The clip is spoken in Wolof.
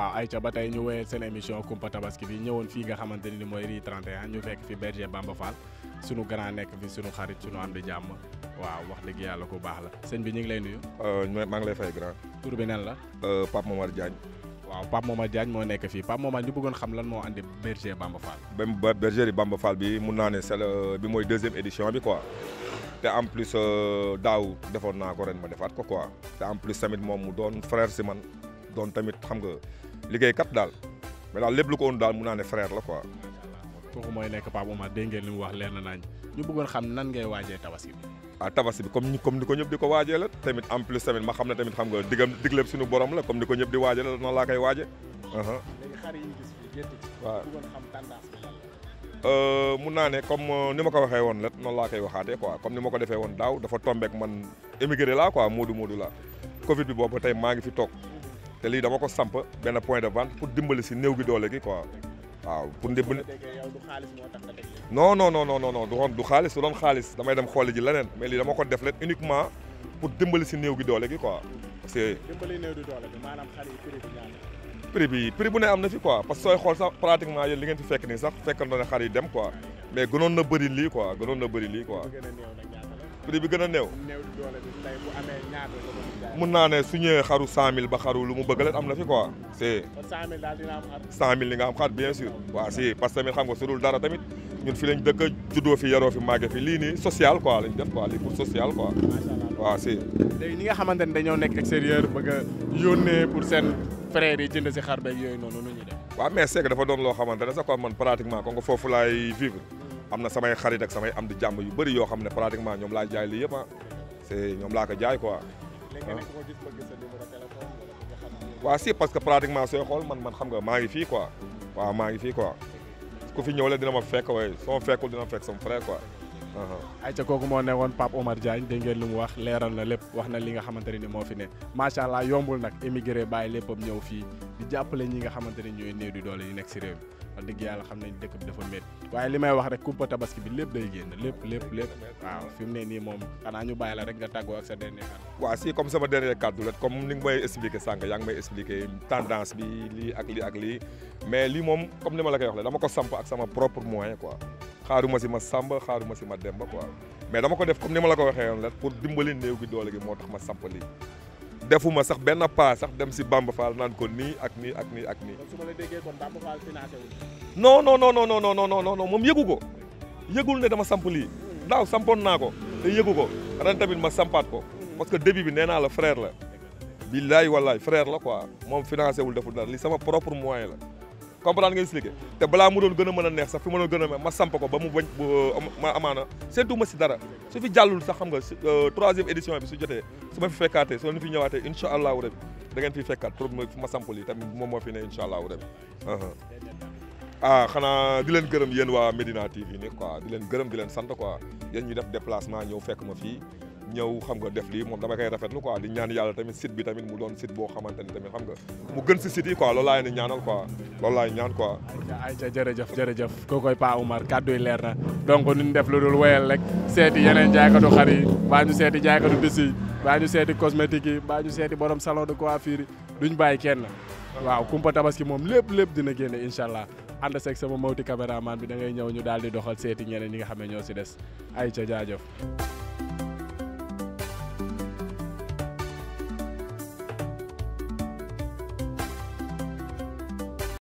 waaw ayca ba tey ñu woyee seen émission Kumpa Tabaski bi ñëwoon fii nga xamante ni mooy Rue 31 ñu fekk fi berger Bamba Fall sunu grand nekk fi sunu xarit sunu am di jàmm waaw wax dëgg yàlla ko baax la sëñ bi ñu ngi lay nuyu. Euh, maa ngi lay fay grand. tur bi nan la. Euh, Pape Momar Diagne. waaw Pape Momar Diagne moo nekk fii Pape Momar ñu bëggoon xam lan moo andi berger Bamba Fall. ba Bamba Fall bi mun naa ne c'est bi mooy deuxième édition bi quoi. te plus euh, daaw defoon naa ko ren ma defaat ko quoi. te plus tamit moom mu doon frère si doon tamit xam nga kat daal mais daal lépp lu ko woon daal mun naa ne frère la quoi. kooku mooy nekk ngeen li mu wax leen na nañ ñu bëggoon xam nan ngay waajee tabaski bi. ah tabaski bi comme comme ni ko ñëpp di ko la tamit en plus tamit ma xam ne xam nga digam digleeb suñu borom la comme ni ko ñëpp di waajee la noonu laa koy waajee. léegi xar yi euh, mun naa ne comme euh, ni ma ko waxee woon la noonu laa koy waxaatee quoi comme ni ma ko defee woon daaw dafa tombeek man émigré laa quoi moodu moodu laa Covid bi boobu tey maa ngi fi toog. te lii dama ko samp benn point de vente pour dimbali si néew gi doole gi quoi waaw pour dimbali non non non non non du du xaalis du doon xaalis damay dem xooli ji leneen mais lii dama ko def leen uniquement pour dimbali si néew gi doole gi quoi parce que dimbali bu ne am na fi quoi parce sooy xool sax pratiquement yéen li ngeen fi fekk nii sax fekk na ne xar yi dem quoi mais gënoon na bëri lii quoi gënoon na bëri lii quoi prix bi gën a néew. néew mun naa su ñëwee xaru 100000 ba xaru lu mu bëgg leen am na fi quoi si. ba 100000 daal dina am xar. 100000 li nga am xar bien sûr. waaw si parce que tamit xam nga su dul dara tamit ñun fi lañ dëkk juddoo fi yaroo fi màggee fi lii nii social quoi lañ def quoi lii pour social quoi. macha si. léegi ñi nga dañoo nekk extérieur bëgg a yónnee pour seen frères yi jënd si xar beeg yooyu noonu nu ñuy def. waaw mais c'est dafa doon loo xamante ne sax man pratiquement kon am na samay xarit ak samay am di jàmm yu bëri yoo xam ne pratiquement ñoom laa jaay lii yëpp ah c'est ñoom laa ko jaay ko ah. waaw si parce que pratiquement sooy xool man man xam nga maa ngi fii quoi waaw maa ngi fii quoi ku fi ñëw la dina ma fekk waaye soo fekkul dina ma fekk sama frère quoi. ayca kooku moo ne woon Pape Omar Diagne dégg ngeen lu mu wax leeral na lépp wax na li nga xamante ne ni moo fi ne macha allah yombul nag émigré bàyyi léppam ñëw fii di jàppale ñi nga xamante ne ñooy néew di doole yi nekk si réew mi wax dëgg yàlla xam nañ dëkk bi dafa métti waaye li may wax rek kumpa tabaski bi lépp day génn lépp lépp lépp waaw fi ne nii moom xanaa ñu bàyyi la rek nga tàggoo ak sa dernier kàddu waaw si comme sama dernier kàddu la comme ni nga may expliqué sànq yaa ak lii ak lii moom comme ni ma la koy wax la dama ko samp ak sama propre moyen quoi xaaruma si ma sàmba xaaruma si ma demba quoi mais dama ko def comme ni ma la ko waxee yoon rek pour dimbali néew gi doole gi moo tax ma samp lii defuma sax benn pas sax dem si Bamba Fall naan ko nii ak nii ak nii ak nii. kon su ma la déggee kon moom yëgu ko yëgul ne dama samp lii daaw sampoon naa ko te yëgu ko ren tamit ma sampaat ko parce que début bi nee naa la frère la billaay wallaay frère la quoi moom financé wul deful dara li sama propre moyen la. comprendre nga expliqué te balaa mu doon gën a mën a neex sax fi ma doon gën a ma samp ko ba mu bañ ma amaana seetu ma si dara su fi jàllul sax xam nga euh, troisième édition bi si jotee su ma fi fekkaatee su ma fi ñëwaatee incha allahu rabi da ngeen fi fekkaat pour ma samp lii tamit moom moo fi ne incha allahu rabi ah xanaa di leen gërëm yéen waa Medina TV ni quoi di leen gërëm di leen sant quoi yéen ñu def déplacement ñëw fekk ma fii ñëw xam nga def lii moom dama koy rafetlu quoi di ñaan yàlla tamit site bi tamit mu doon site boo xamante tamit xam nga mu gën si site yi quoi loolu laay ni ñaanal quoi loolu laay ñaan quoi ayca jërëjëf jërëjëf kookoy yi leer na donc ñu def lu dul woyal rek seeti yeneen jaaykatu xar yi baa ñu seeti jaaykatu bisi yi baa ñu seeti cosmétique yi baa seeti borom salon de coiffure yi duñ bàyyi kenn waaw kumpa tabaski moom lépp lépp dina génne incha allah ànd seeg sama mawti caméraman bi da ngay ñëw ñu daal di doxal seeti ñeneen ñi nga xam ne ñoo si des ay ca jaajëf